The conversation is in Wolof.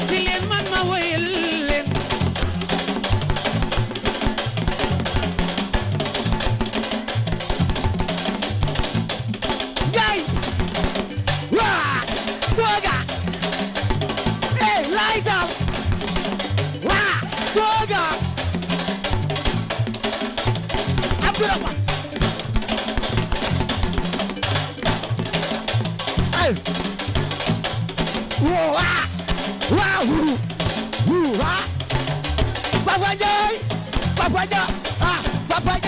beti leen man ma woyal leen waa booga ee laay waa booga Abdourahmane ay waa waaw hurra Papa Ndiaye Papa Ndiaye ah Papa